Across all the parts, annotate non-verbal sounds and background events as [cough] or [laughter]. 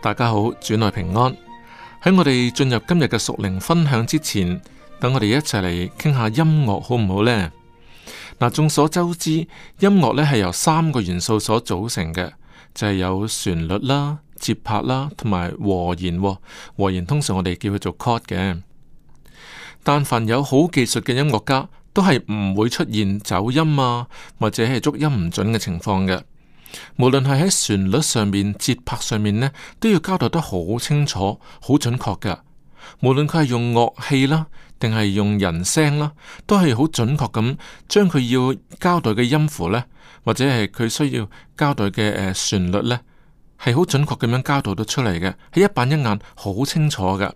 大家好，主內平安。喺我哋進入今日嘅屬靈分享之前，等我哋一齊嚟傾下音樂好唔好呢？嗱、嗯，眾所周知，音樂呢係由三個元素所組成嘅，就係、是、有旋律啦、節拍啦，同埋和弦、哦。和弦通常我哋叫佢做 chord 嘅。但凡有好技術嘅音樂家，都係唔會出現走音啊，或者係捉音唔準嘅情況嘅。無論係喺旋律上面、節拍上面呢，都要交代得好清楚、好準確㗎。無論佢係用樂器啦，定係用人聲啦，都係好準確咁將佢要交代嘅音符呢，或者係佢需要交代嘅誒、呃、旋律呢，係好準確咁樣交代得出嚟嘅，係一板一眼好清楚㗎。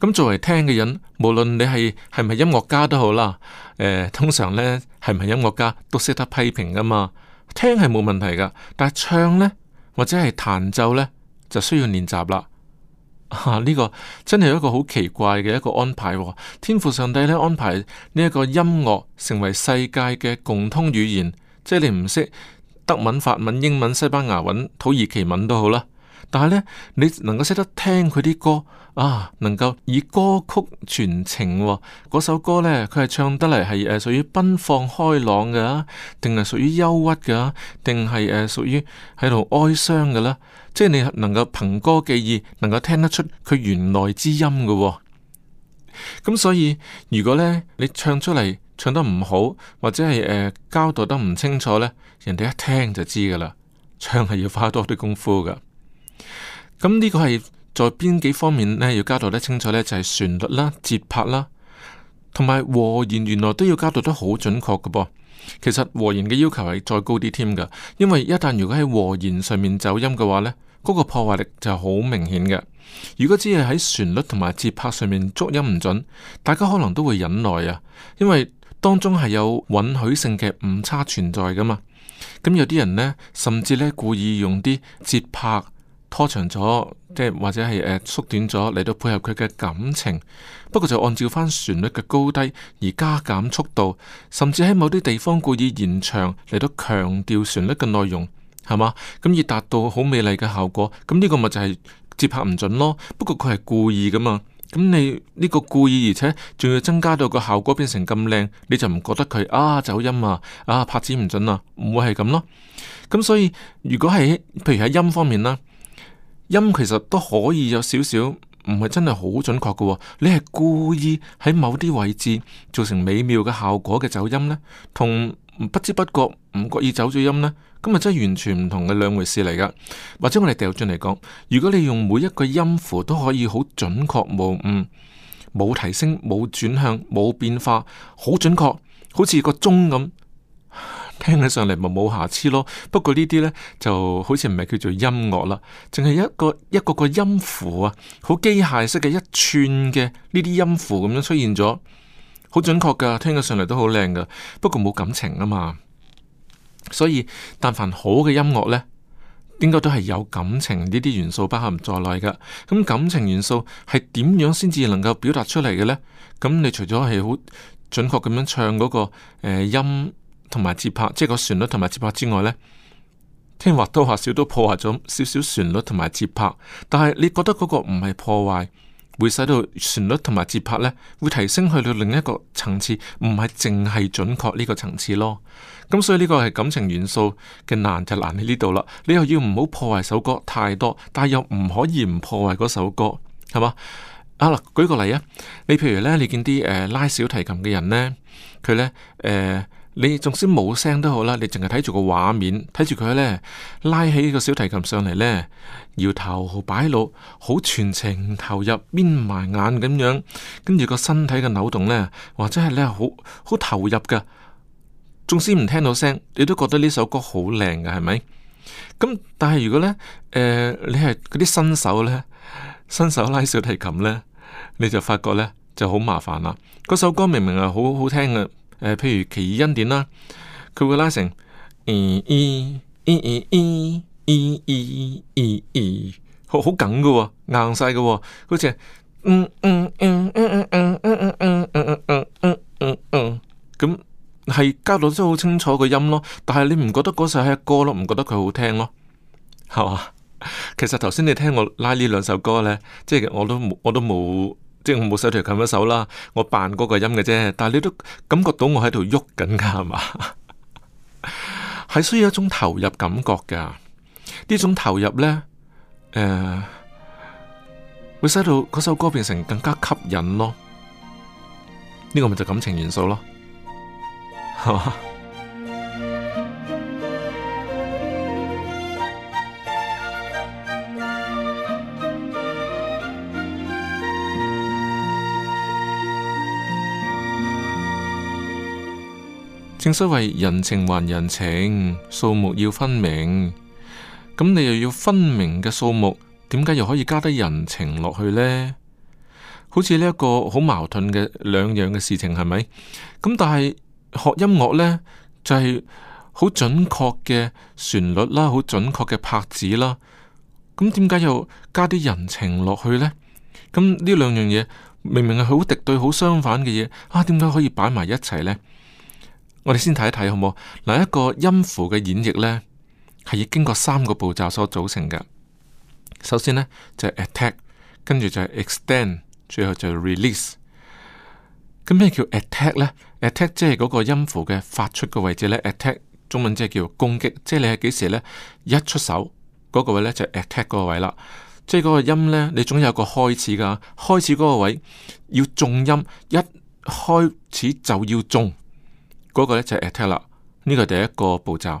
咁、嗯、作為聽嘅人，無論你係係咪音樂家都好啦，誒、呃，通常呢，係唔係音樂家都識得批評噶嘛。聽係冇問題噶，但係唱呢，或者係彈奏呢，就需要練習啦。呢、啊呢個真係一個好奇怪嘅一個安排、哦。天父上帝呢安排呢一個音樂成為世界嘅共通語言，即係你唔識德文、法文、英文、西班牙文、土耳其文都好啦。但係呢，你能夠識得聽佢啲歌啊，能夠以歌曲傳情喎。嗰首歌呢，佢係唱得嚟係誒屬於奔放開朗嘅、啊，定係屬於憂鬱嘅、啊，定係誒屬於喺度哀傷嘅咧、啊。即係你能夠憑歌寄意，能夠聽得出佢弦外之音嘅、哦。咁所以，如果呢你唱出嚟唱得唔好，或者係誒、呃、交代得唔清楚呢，人哋一聽就知嘅啦。唱係要花多啲功夫嘅。咁呢個係在邊幾方面咧要交代得清楚呢？就係旋律啦、節拍啦，同埋和弦原來都要交代得好準確嘅噃。其實和弦嘅要求係再高啲添噶，因為一旦如果喺和弦上面走音嘅話呢，嗰個破壞力就好明顯嘅。如果只係喺旋律同埋節拍上面捉音唔準，大家可能都會忍耐啊，因為當中係有允許性嘅誤差存在噶嘛。咁有啲人呢，甚至呢故意用啲節拍，拖長咗，即係或者係誒縮短咗嚟到配合佢嘅感情。不過就按照翻旋律嘅高低而加減速度，甚至喺某啲地方故意延長嚟到強調旋律嘅內容，係咪咁而達到好美麗嘅效果。咁呢個咪就係節拍唔準咯。不過佢係故意噶嘛，咁你呢個故意而且仲要增加到個效果變成咁靚，你就唔覺得佢啊走音啊啊拍子唔準啊，唔會係咁咯。咁所以如果係譬如喺音方面啦。音其實都可以有少少，唔係真係好準確嘅喎。你係故意喺某啲位置造成美妙嘅效果嘅走音呢？同不知不覺唔覺意走咗音呢？咁啊真係完全唔同嘅兩回事嚟噶。或者我哋掉轉嚟講，如果你用每一個音符都可以好準確無誤，冇提升、冇轉向、冇變化，好準確，好似個鐘咁。聽起上嚟咪冇瑕疵咯，不過呢啲呢，就好似唔係叫做音樂啦，淨係一個一個個音符啊，好機械式嘅一串嘅呢啲音符咁樣出現咗，好準確噶，聽起上嚟都好靚噶，不過冇感情啊嘛，所以但凡好嘅音樂呢，應該都係有感情呢啲元素包含在內噶。咁感情元素係點樣先至能夠表達出嚟嘅呢？咁你除咗係好準確咁樣唱嗰，那個誒、呃、音同埋節拍，即係個旋律同埋節拍之外呢，聽話都話少都破壞咗少少旋律同埋節拍。但係你覺得嗰個唔係破壞，會使到旋律同埋節拍呢，會提升去到另一個層次，唔係淨係準確呢個層次咯。咁所以呢個係感情元素嘅難就難喺呢度啦。你又要唔好破壞首歌太多，但係又唔可以唔破壞嗰首歌，係嘛？啊嗱，舉個例啊，你譬如呢，你見啲誒、呃、拉小提琴嘅人呢，佢呢。誒、呃。你縱使冇聲都好啦，你淨係睇住個畫面，睇住佢呢，拉起個小提琴上嚟呢，搖頭擺腦，好全情投入，眯埋眼咁樣，跟住個身體嘅扭動呢，或者係你係好好投入噶，縱使唔聽到聲，你都覺得呢首歌好靚噶，係咪？咁但係如果呢，誒、呃、你係嗰啲新手呢，新手拉小提琴呢，你就發覺呢就好麻煩啦。嗰首歌明明係好好聽嘅。誒，譬如奇異恩典啦，佢會拉成 e e e e e e e e，好好緊嘅喎，硬晒嘅好似嗯嗯嗯嗯嗯嗯嗯嗯嗯嗯嗯嗯嗯，咁係加到真係好清楚個音咯，但係你唔覺得嗰首係歌咯，唔覺得佢好聽咯，係嘛？其實頭先你聽我拉呢兩首歌咧，即係我都我都冇。即係我冇使條琴手啦，我扮嗰個音嘅啫，但係你都感覺到我喺度喐緊噶，係嘛？係 [laughs] 需要一種投入感覺噶，呢種投入咧，誒、呃，會使到嗰首歌變成更加吸引咯。呢、這個咪就感情元素咯，係嘛？正所謂人情還人情，數目要分明。咁你又要分明嘅數目，點解又可以加啲人情落去呢？好似呢一個好矛盾嘅兩樣嘅事情，係咪？咁但係學音樂呢，就係、是、好準確嘅旋律啦，好準確嘅拍子啦。咁點解又加啲人情落去呢？咁呢兩樣嘢明明係好敵對、好相反嘅嘢，啊，點解可以擺埋一齊呢？我哋先睇一睇好冇嗱，一個音符嘅演繹呢，係要經過三個步驟所組成嘅。首先呢，就係、是、attack，跟住就係 extend，最後就 release。咁咩叫 attack 呢 a t t a c k 即係嗰個音符嘅發出嘅位置呢 attack 中文即係叫攻擊，即係你係幾時呢？一出手嗰、那個位呢，就是、attack 嗰個位啦。即係嗰個音呢，你總有個開始噶，開始嗰個位要重音，一開始就要重。嗰個咧就係 attack 啦，呢個第一個步驟。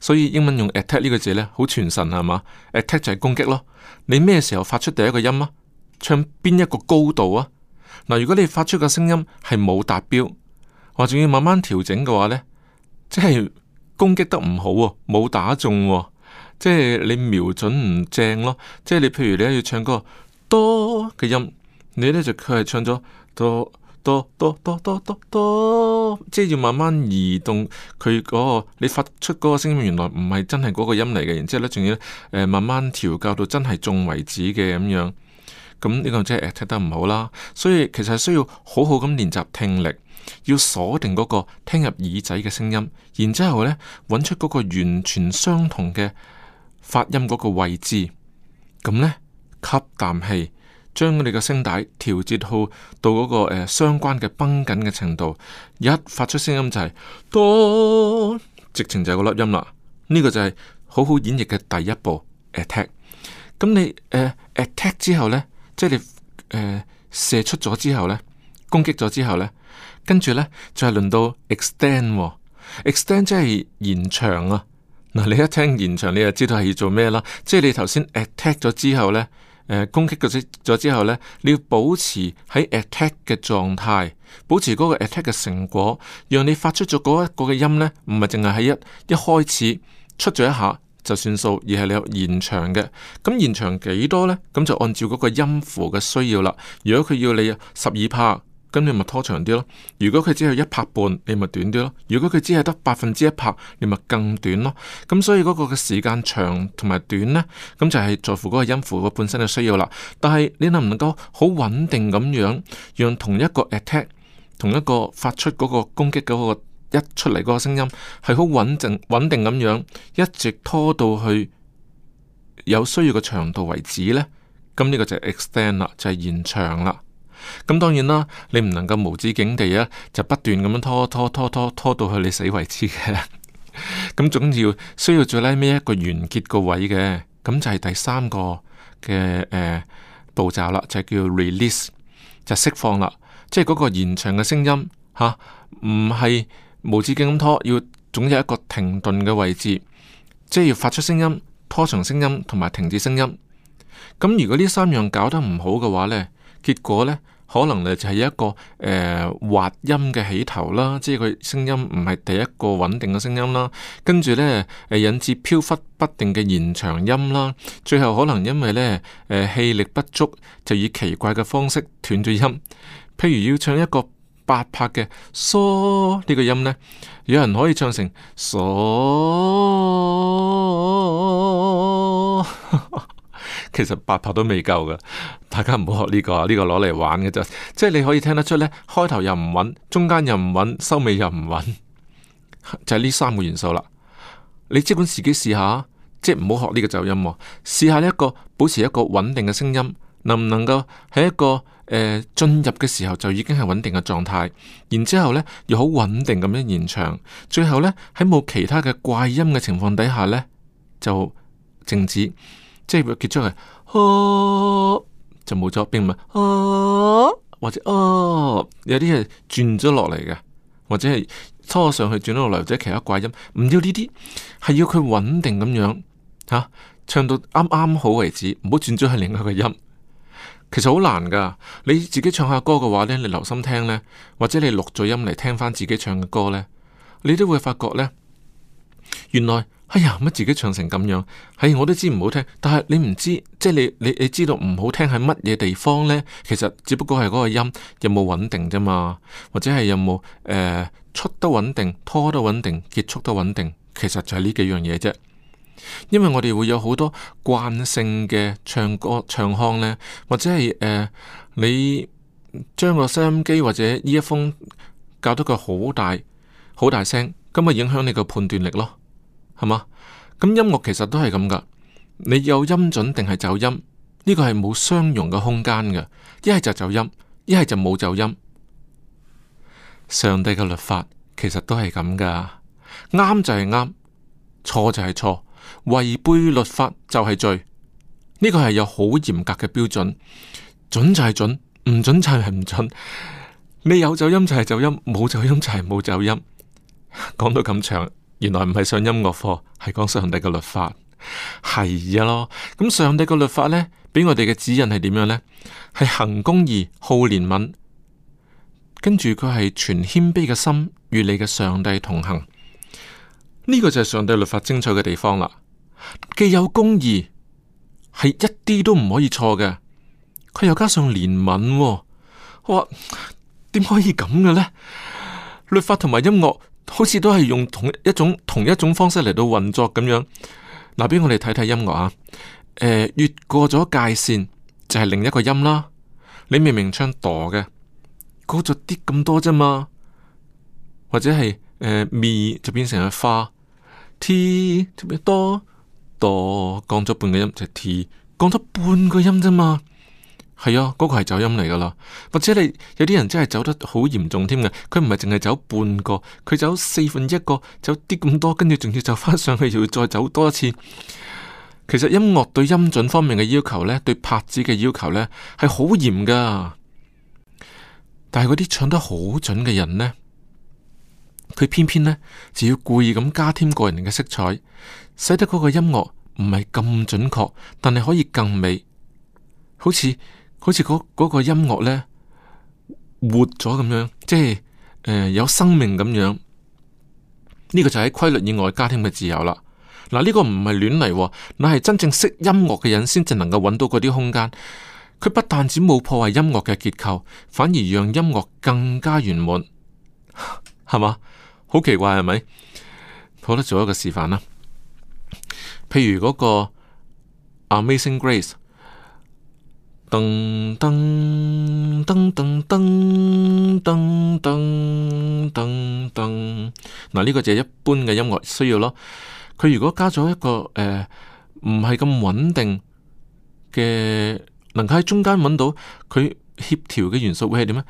所以英文用 attack 呢個字咧，好傳神係嘛？attack 就係攻擊咯。你咩時候發出第一個音啊？唱邊一個高度啊？嗱，如果你發出個聲音係冇達標，或仲要慢慢調整嘅話咧，即係攻擊得唔好喎，冇打中喎，啊，即係你瞄準唔正咯。即係你譬如你要唱個多嘅音，你咧就佢係唱咗多。多多多多多多，即係要慢慢移動佢嗰個，你發出嗰個聲音原來唔係真係嗰個音嚟嘅，然之後咧仲要誒、呃、慢慢調教到真係中為止嘅咁樣。咁呢個真係聽得唔好啦，所以其實需要好好咁練習聽力，要鎖定嗰個聽入耳仔嘅聲音，然之後咧揾出嗰個完全相同嘅發音嗰個位置。咁呢，吸啖氣。將我哋嘅聲帶調節好到到、那、嗰個誒、呃、相關嘅繃緊嘅程度，一發出聲音就係、是、多，噠直情就係個粒音啦。呢、這個就係好好演繹嘅第一步。attack，咁你誒、呃、attack 之後呢，即係你誒、呃、射出咗之後呢，攻擊咗之後呢，跟住呢，就係、是、輪到 extend，extend、哦、ext 即係延長啊。嗱，你一聽延長，你就知道係要做咩啦。即係你頭先 attack 咗之後呢。攻擊咗之後呢，你要保持喺 attack 嘅狀態，保持嗰個 attack 嘅成果，讓你發出咗嗰一個嘅音呢，唔係淨係喺一一開始出咗一下就算數，而係你有延長嘅。咁延長幾多呢？咁就按照嗰個音符嘅需要啦。如果佢要你十二拍。咁你咪拖長啲咯。如果佢只係一拍半，你咪短啲咯。如果佢只係得百分之一拍，你咪更短咯。咁所以嗰個嘅時間長同埋短呢，咁就係在乎嗰個音符個本身嘅需要啦。但係你能唔能夠好穩定咁樣，讓同一個 attack，同一個發出嗰個攻擊嗰、嗰個一出嚟嗰個聲音，係好穩定穩定咁樣，一直拖到去有需要嘅長度為止呢？咁呢個就係 extend 啦，就係、係、延長啦。咁當然啦，你唔能夠無止境地啊，就不斷咁樣拖拖拖拖拖到去你死為止嘅。咁 [laughs] 總要需要最尾一個完結個位嘅，咁就係第三個嘅，誒、呃、步驟啦，就係叫 Release，就釋放啦。即係嗰個延長嘅聲音吓，唔、啊、係無止境咁拖，要總有一個停頓嘅位置，即係要發出聲音、拖長聲音同埋停止聲音。咁如果呢三樣搞得唔好嘅話呢。結果呢，可能就係一個誒、呃、滑音嘅起頭啦，即係佢聲音唔係第一個穩定嘅聲音啦，跟住呢，引致飄忽不定嘅延長音啦，最後可能因為呢誒氣、呃、力不足，就以奇怪嘅方式斷咗音，譬如要唱一個八拍嘅嗦呢個音呢，有人可以唱成嗦、so。 [laughs] 其實八拍都未夠㗎，大家唔好學呢個，呢個攞嚟玩嘅啫。即係你可以聽得出呢，開頭又唔穩，中間又唔穩，收尾又唔穩，就係呢三個元素啦。你即管自己試下，即係唔好學呢個走音，試下一個保持一個穩定嘅聲音，能唔能夠喺一個誒進入嘅時候就已經係穩定嘅狀態，然之後咧又好穩定咁樣延長，最後呢，喺冇其他嘅怪音嘅情況底下呢，就靜止。即係要結束嘅，哦，啊、就冇咗，並唔係，哦、啊啊，或者哦，有啲係轉咗落嚟嘅，或者係拖上去轉咗落嚟，或者其他怪音，唔要呢啲，係要佢穩定咁樣吓、啊，唱到啱啱好為止，唔好轉咗去另一個音。其實好難噶，你自己唱下歌嘅話呢，你留心聽呢，或者你錄咗音嚟聽翻自己唱嘅歌呢，你都會發覺呢。原來。哎呀，乜自己唱成咁樣？係、哎、我都知唔好聽，但係你唔知，即係你你你知道唔好聽係乜嘢地方呢？其實只不過係嗰個音有冇穩定啫嘛，或者係有冇出得穩定、拖得穩定、結束得穩定，其實就係呢幾樣嘢啫。因為我哋會有好多慣性嘅唱歌唱腔呢，或者係、呃、你將個收音機或者呢一封搞得佢好大好大聲，咁咪影響你個判斷力咯。係嘛？咁音樂其實都係咁噶，你有音準定係走音？呢個係冇相容嘅空間嘅，一係就走音，一係就冇走音。上帝嘅律法其實都係咁噶，啱就係啱，錯就係錯，違背律法就係罪。呢個係有好嚴格嘅標準，準就係準，唔準就係唔準。你有走音就係走音，冇走音就係冇走音。講到咁長。原來唔係上音樂課，係講上帝嘅律法，係呀咯。咁上帝嘅律法呢，俾我哋嘅指引係點樣呢？係行公義、好憐憫，跟住佢係全謙卑嘅心，與你嘅上帝同行。呢個就係上帝律法精彩嘅地方啦。既有公義，係一啲都唔可以錯嘅。佢又加上憐憫，哦，我點可以咁嘅呢？律法同埋音樂。好似都係用同一種同一種方式嚟到運作咁樣，嗱，俾我哋睇睇音樂啊！誒、呃，越過咗界線就係、是、另一個音啦。你明明唱哆嘅，高咗啲咁多啫嘛。或者係誒咪就變成咗花，t 特別多多降咗半個音，就是、t 降咗半個音啫嘛。係啊，嗰個係走音嚟噶啦，或者你有啲人真係走得好嚴重添嘅，佢唔係淨係走半個，佢走四分一個，走啲咁多，跟住仲要走翻上去，要再走多一次。其實音樂對音準方面嘅要求呢，對拍子嘅要求呢，係好嚴噶。但係嗰啲唱得好準嘅人呢，佢偏偏呢，就要故意咁加添個人嘅色彩，使得嗰個音樂唔係咁準確，但係可以更美，好似。好似嗰嗰個音樂呢，活咗咁樣，即係、呃、有生命咁樣。呢、這個就係規律以外家庭嘅自由啦。嗱，呢、這個唔係亂嚟，嗱係真正識音樂嘅人先至能夠揾到嗰啲空間。佢不但止冇破壞音樂嘅結構，反而讓音樂更加圓滿，係 [laughs] 嘛？好奇怪係咪？好咧，做一個示範啦。譬如嗰個《Amazing Grace》。噔噔噔噔噔噔噔噔，嗱，呢個就係一般嘅音樂需要咯。佢如果加咗一個誒，唔係咁穩定嘅，能夠喺中間揾到佢協調嘅元素，會係點咧？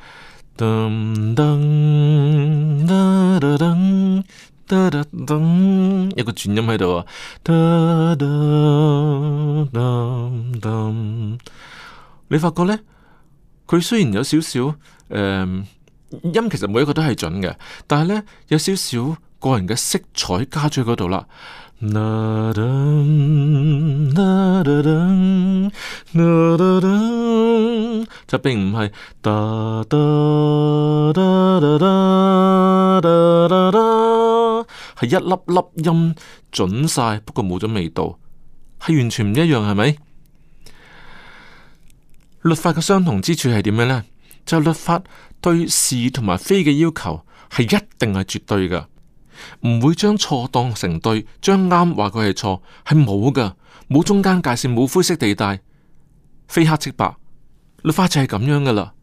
噔噔噠噠噔噠噠噔，一個轉音喺度啊！噠噠噠噠。你發覺呢？佢雖然有少少，誒、嗯，音其實每一個都係準嘅，但係呢，有少少個人嘅色彩加咗喺嗰度啦。就並唔係係一粒粒音準晒，不過冇咗味道，係完全唔一樣，係咪？律法嘅相同之處係點樣呢？就係律法對是同埋非嘅要求係一定係絕對嘅，唔會將錯當成對，將啱話佢係錯係冇噶，冇中間界線，冇灰色地帶，非黑即白，律法就係咁樣噶啦。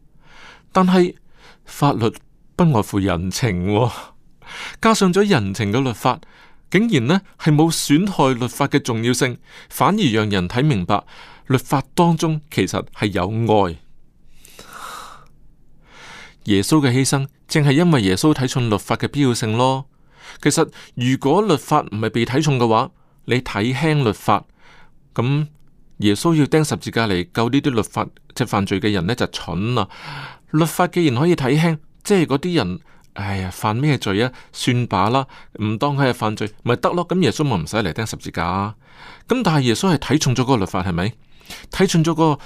但係法律不外乎人情喎，加上咗人情嘅律法。竟然呢，係冇損害律法嘅重要性，反而讓人睇明白律法當中其實係有愛。耶穌嘅犧牲正係因為耶穌睇重律法嘅必要性咯。其實如果律法唔係被睇重嘅話，你睇輕律法，咁耶穌要釘十字架嚟救呢啲律法即犯罪嘅人呢，就蠢啦。律法既然可以睇輕，即係嗰啲人。哎呀，犯咩罪啊？算把啦，唔當佢係犯罪，咪得咯。咁耶穌咪唔使嚟釘十字架啊。咁但係耶穌係睇重咗嗰個律法，係咪？睇重咗個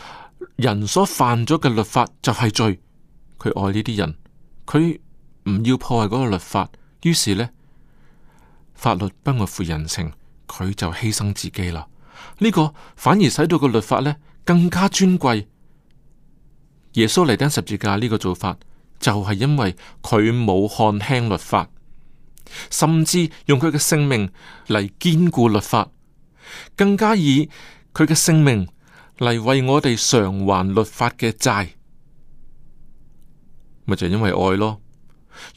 人所犯咗嘅律法就係罪。佢愛呢啲人，佢唔要破壞嗰個律法。於是呢，法律不外乎人情，佢就犧牲自己啦。呢個反而使到個律法呢更加尊貴。耶穌嚟釘十字架呢個做法，就係因為佢冇看輕律法，甚至用佢嘅性命嚟堅固律法，更加以佢嘅性命嚟為我哋償還律法嘅債，咪就係、是、因為愛咯。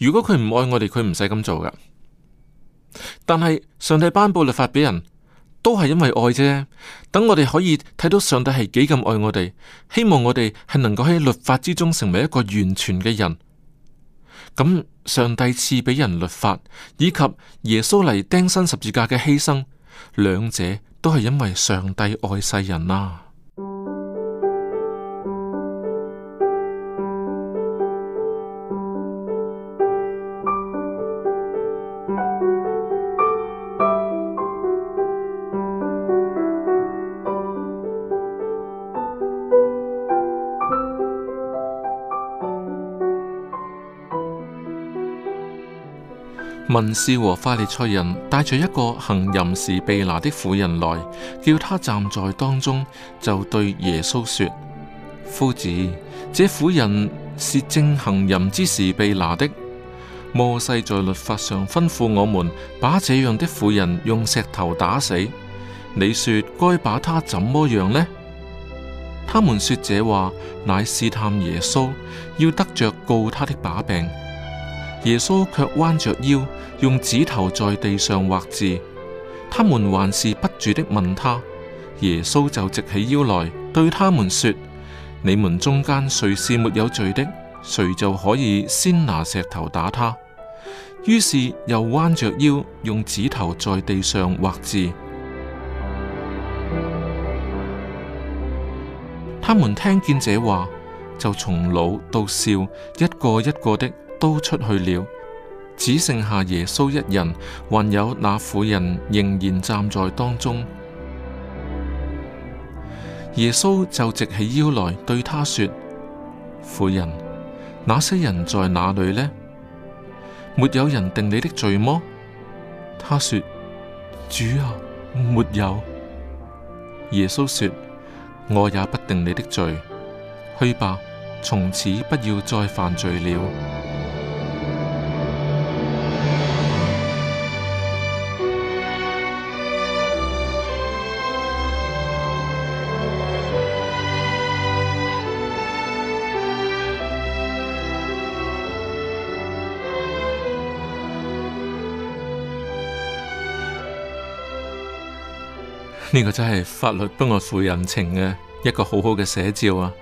如果佢唔愛我哋，佢唔使咁做噶。但係上帝頒布律法俾人。都係因為愛啫。等我哋可以睇到上帝係幾咁愛我哋，希望我哋係能夠喺律法之中成為一個完全嘅人。咁上帝賜俾人律法，以及耶穌嚟釘身十字架嘅犧牲，兩者都係因為上帝愛世人啦、啊。文士和法利賽人帶着一個行淫時被拿的婦人來，叫他站在當中，就對耶穌說：夫子，這婦人是正行淫之時被拿的。摩西在律法上吩咐我們把這樣的婦人用石頭打死。你說該把她怎麼樣呢？他們說這話乃試探耶穌，要得着告他的把柄。耶穌卻彎着腰，用指頭在地上畫字。他們還是不住的問他，耶穌就直起腰來，對他們說：你們中間誰是沒有罪的，誰就可以先拿石頭打他。於是又彎着腰，用指頭在地上畫字。他們聽見這話，就從老到少，一個一個的。都出去了，只剩下耶穌一人，還有那婦人仍然站在當中。耶穌就直起腰來對他說：婦人，那些人在哪裏呢？沒有人定你的罪麼？他說：主啊，沒有。耶穌說：我也不定你的罪，去吧，從此不要再犯罪了。呢個真係法律不外乎人情嘅一個好好嘅寫照啊！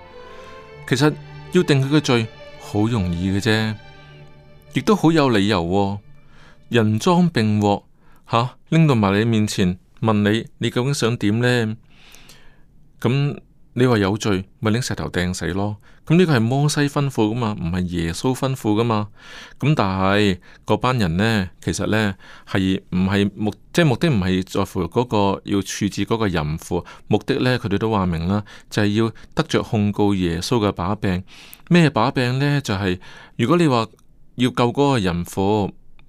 其實要定佢嘅罪好容易嘅啫，亦都好有理由、啊。人贓並獲吓，拎、啊、到埋你面前，問你你究竟想點呢？」咁。你話有罪，咪拎石頭掟死咯。咁呢個係摩西吩咐噶嘛，唔係耶穌吩咐噶嘛。咁但係嗰班人呢，其實呢，係唔係目即係目的唔係在乎嗰個要處置嗰個淫婦，目的呢，佢哋都話明啦，就係要得着控告耶穌嘅把柄。咩把柄呢？就係如果你話要救嗰個淫婦，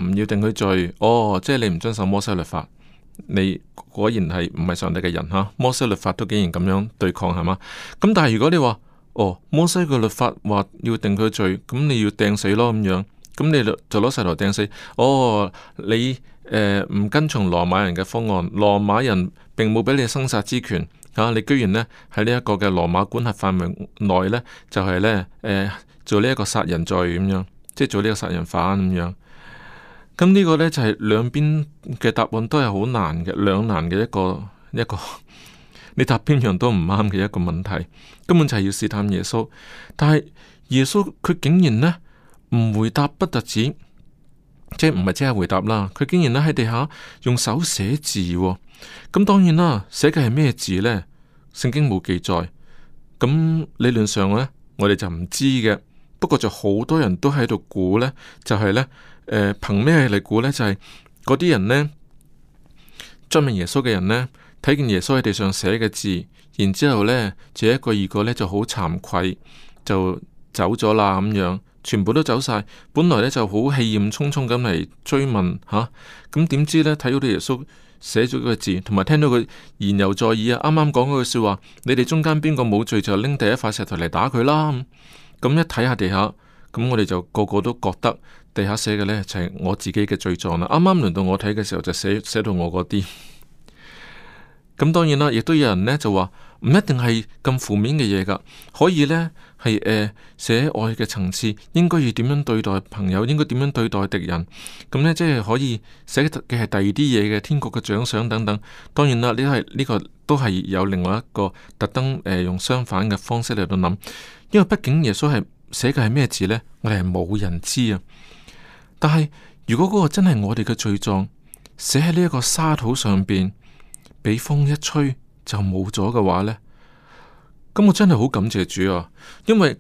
唔要定佢罪，哦，即係你唔遵守摩西律法。你果然係唔係上帝嘅人哈？摩西律法都竟然咁樣對抗係嘛？咁但係如果你話，哦，摩西嘅律法話要定佢罪，咁你要掟死咯咁樣，咁你就就攞石頭掟死。哦，你誒唔、呃、跟從羅馬人嘅方案，羅馬人並冇俾你生殺之權啊！你居然呢喺呢一個嘅羅馬管轄範圍內呢，就係、是、呢誒、呃、做呢一個殺人罪咁樣，即係做呢個殺人犯咁樣。咁呢個呢，就係、是、兩邊嘅答案都係好難嘅兩難嘅一個一個，你答邊樣都唔啱嘅一個問題，根本就係要試探耶穌。但係耶穌佢竟然呢唔回答不，不特止即係唔係即刻回答啦。佢竟然呢喺地下用手寫字，哦，咁當然啦，寫嘅係咩字呢？聖經冇記載，咁理論上呢，我哋就唔知嘅。不過就好多人都喺度估呢，就係、是、呢。誒，憑咩嚟估呢？就係嗰啲人呢，追問耶穌嘅人呢，睇見耶穌喺地上寫嘅字，然之後呢，這一個二個呢就好慚愧，就走咗啦咁樣，全部都走晒。本來呢就好氣焰沖冲咁嚟追問吓，咁、啊、點知呢？睇到啲耶穌寫咗個字，同埋聽到佢言猶在耳啊！啱啱講嗰句說話，你哋中間邊個冇罪就拎第一塊石頭嚟打佢啦！咁、嗯、一睇下地下，咁我哋就個個都覺得。地下寫嘅呢，就係、是、我自己嘅罪狀啦。啱啱輪到我睇嘅時候就寫寫到我嗰啲咁，當然啦，亦都有人呢，就話唔一定係咁負面嘅嘢噶，可以呢，係誒寫愛嘅層次，應該要點樣對待朋友，應該點樣對待敵人咁呢、嗯嗯，即係可以寫嘅係第二啲嘢嘅天國嘅獎賞等等。當然啦，呢係呢個都係有另外一個特登誒、呃、用相反嘅方式嚟到諗因為畢竟耶穌係寫嘅係咩字呢？我哋係冇人知啊。但係，如果嗰個真係我哋嘅罪狀，寫喺呢一個沙土上邊，俾風一吹就冇咗嘅話呢，咁我真係好感謝主啊！因為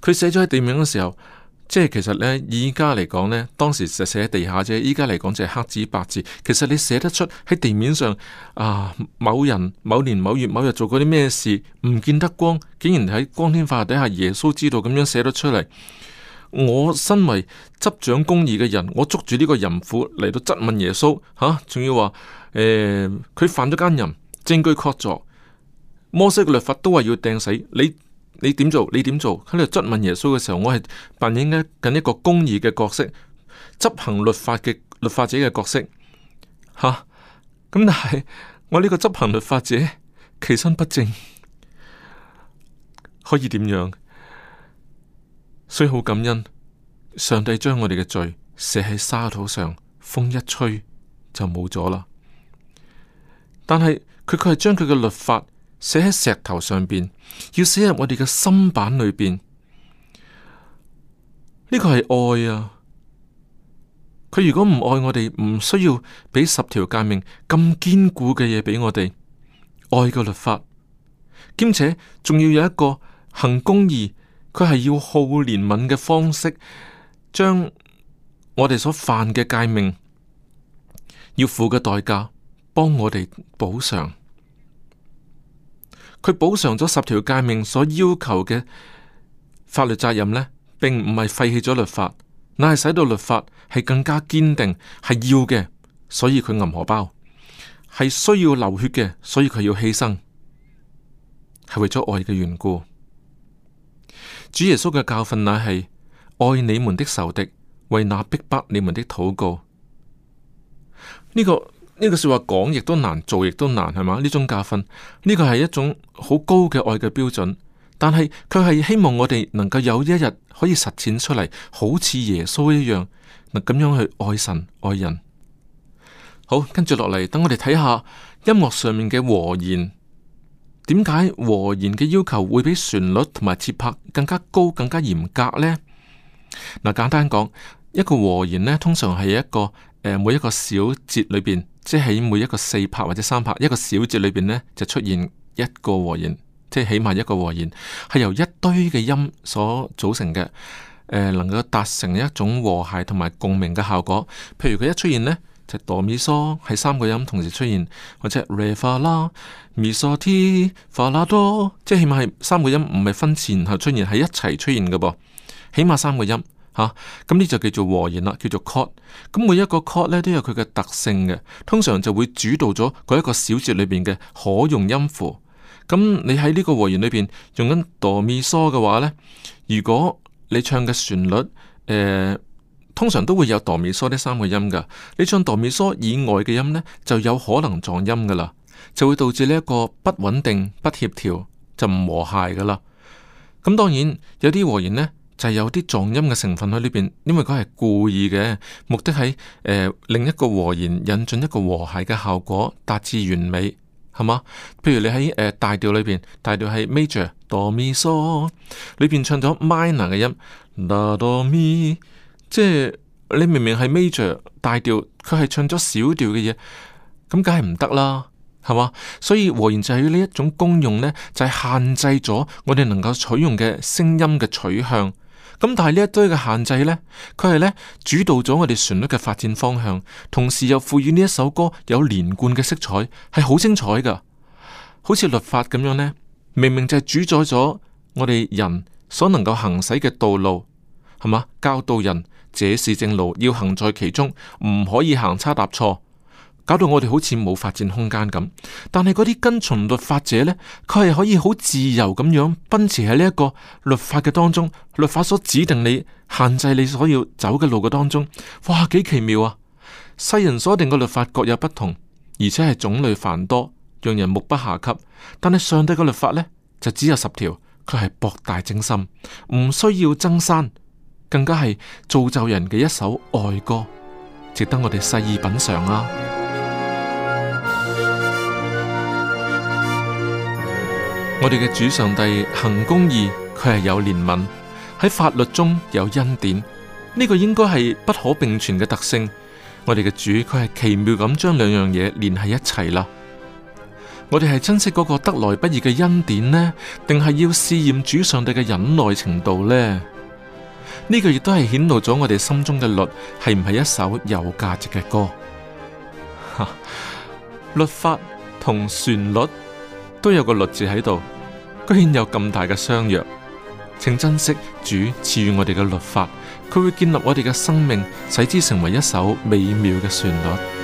佢寫咗喺地面嘅時候，即係其實呢，而家嚟講呢，當時就寫喺地下啫。依家嚟講就係黑字白字。其實你寫得出喺地面上啊，某人某年某月某日做過啲咩事，唔見得光，竟然喺光天化日底下耶穌知道咁樣寫得出嚟。我身為執掌公義嘅人，我捉住呢個淫婦嚟到質問耶穌，吓、啊，仲要話，誒、欸，佢犯咗奸淫，證據確鑿，摩西嘅律法都話要掟死，你你點做？你點做？喺度質問耶穌嘅時候，我係扮演緊一個公義嘅角色，執行律法嘅律法者嘅角色，吓、啊，咁但係我呢個執行律法者，其身不正，可以點樣？所以好感恩，上帝將我哋嘅罪寫喺沙土上，風一吹就冇咗啦。但係佢佢係將佢嘅律法寫喺石頭上邊，要寫入我哋嘅心版裏邊。呢、這個係愛啊！佢如果唔愛我哋，唔需要俾十條誡命咁堅固嘅嘢，俾我哋，愛嘅律法，兼且仲要有一個行公義。佢係要好憐憫嘅方式，將我哋所犯嘅戒命，要付嘅代價，幫我哋補償。佢補償咗十條戒命所要求嘅法律責任呢，並唔係廢棄咗律法，乃係使到律法係更加堅定，係要嘅。所以佢銀荷包係需要流血嘅，所以佢要犧牲，係為咗愛嘅緣故。主耶穌嘅教訓乃係愛你們的仇敵，為那逼迫你們的禱告。呢個呢個說話講亦都難，做亦都難，係嘛？呢種教訓呢個係一種好高嘅愛嘅標準，但係佢係希望我哋能夠有一日可以實踐出嚟，好似耶穌一樣能咁樣去愛神愛人。好，跟住落嚟，等我哋睇下音樂上面嘅和弦。點解和弦嘅要求會比旋律同埋節拍更加高、更加嚴格呢？嗱，簡單講，一個和弦咧，通常係一個誒，每一個小節裏邊，即係喺每一個四拍或者三拍，一個小節裏邊呢，就出現一個和弦，即係起碼一個和弦，係由一堆嘅音所組成嘅，誒，能夠達成一種和諧同埋共鳴嘅效果。譬如佢一出現呢。即哆咪嗦係三個音同時出現，或者唻發啦咪嗦 ti 發啦多，即係起碼係三個音，唔係分前後出現，係一齊出現嘅噃。起碼三個音吓，咁、啊、呢就叫做和弦啦，叫做 chord。咁每一個 chord 咧都有佢嘅特性嘅，通常就會主導咗嗰一個小節裏邊嘅可用音符。咁你喺呢個和弦裏邊用緊哆咪嗦嘅話咧，如果你唱嘅旋律，誒、呃。通常都會有哆咪嗦呢三個音噶，你唱哆咪嗦以外嘅音呢，就有可能撞音噶啦，就會導致呢一個不穩定、不協調，就唔和諧噶啦。咁當然有啲和弦呢，就係、是、有啲撞音嘅成分喺呢邊，因為佢係故意嘅，目的係誒、呃、另一個和弦引進一個和諧嘅效果，達至完美，係嘛？譬如你喺誒大調裏邊，大調係 major 哆咪嗦，裏邊、so，唱咗 minor 嘅音哆咪。Da 即係你明明係 major 大調，佢係唱咗小調嘅嘢，咁梗係唔得啦，係嘛？所以和弦就係呢一種功用呢就係、是、限制咗我哋能夠採用嘅聲音嘅取向。咁但係呢一堆嘅限制呢佢係呢主導咗我哋旋律嘅發展方向，同時又賦予呢一首歌有連貫嘅色彩，係好精彩噶。好似律法咁樣呢，明明就係主宰咗我哋人所能夠行駛嘅道路，係嘛？教導人。這是正路，要行在其中，唔可以行差踏錯，搞到我哋好似冇發展空間咁。但係嗰啲跟從律法者呢，佢係可以好自由咁樣奔馳喺呢一個律法嘅當中，律法所指定你限制你所要走嘅路嘅當中。哇，幾奇妙啊！世人所定嘅律法各有不同，而且係種類繁多，讓人目不暇給。但係上帝嘅律法呢，就只有十條，佢係博大精深，唔需要增刪。更加係造就人嘅一首愛歌，值得我哋細意品嘗啊！ [music] 我哋嘅主上帝行公義，佢係有憐憫，喺法律中有恩典，呢個應該係不可並存嘅特性。我哋嘅主佢係奇妙咁將兩樣嘢連喺一齊啦。我哋係珍惜嗰個得來不易嘅恩典呢，定係要試驗主上帝嘅忍耐程度呢？呢個亦都係顯露咗我哋心中嘅律，係唔係一首有價值嘅歌。哈， [laughs] 律法同旋律都有個律字喺度，居然有咁大嘅相約，請珍惜主賜予我哋嘅律法，佢會建立我哋嘅生命，使之成為一首美妙嘅旋律。